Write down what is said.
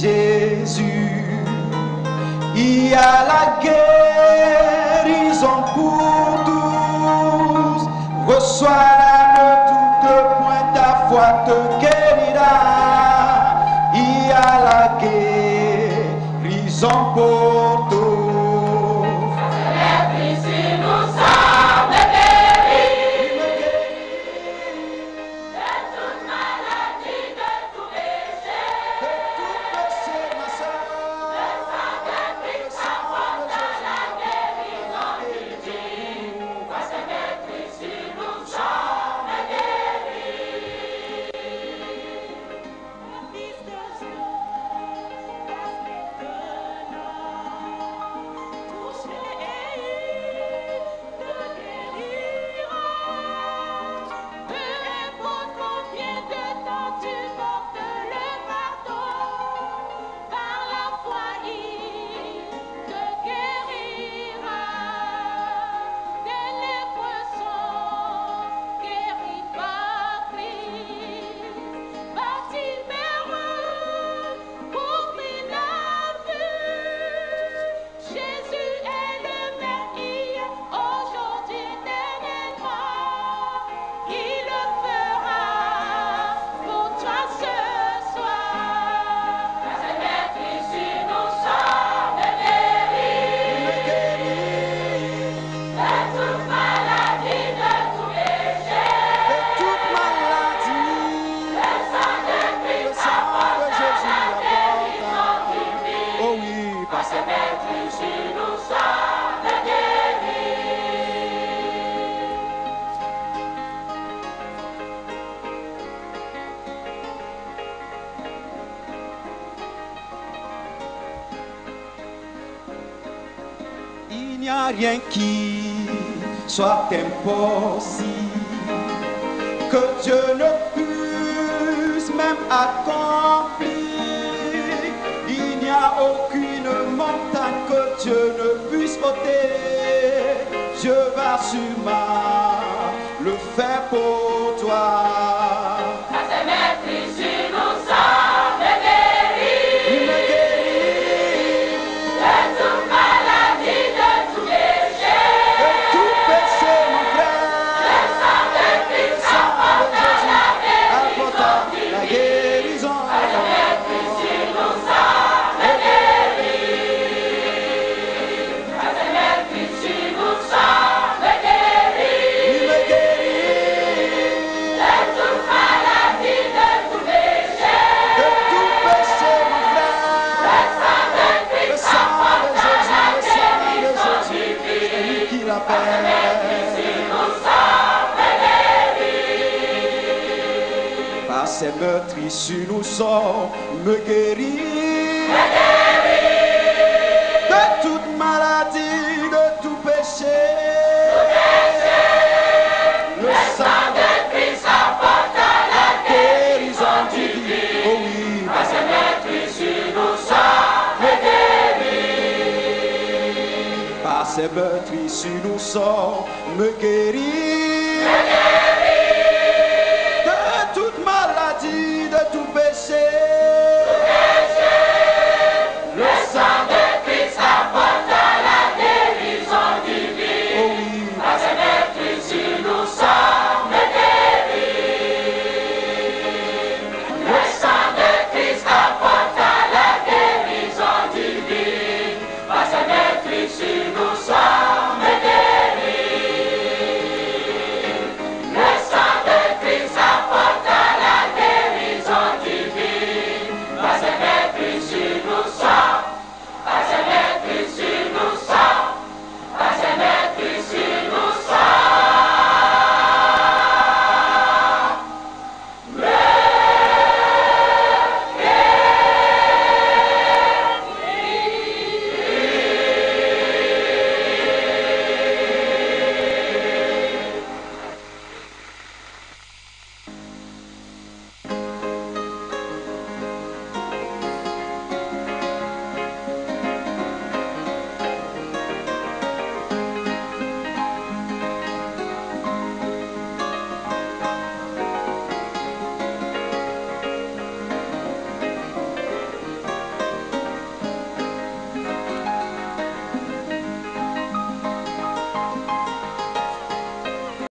Jésus. Il y a la guérison pour tous. Reçois la de point ta foi te guérira. Il y a la guérison pour n'y a rien qui soit impossible, que Dieu ne puisse même accomplir. Il n'y a aucune montagne que Dieu ne puisse ôter. Dieu va sûrement le faire pour toi. notre nous sort, me guérit. De toute maladie, de tout péché. Le, sang de Christ apporte la guérison du Oh oui, parce que notre nous sort, me guérit. Par ses meurtres nous sort, me guérit.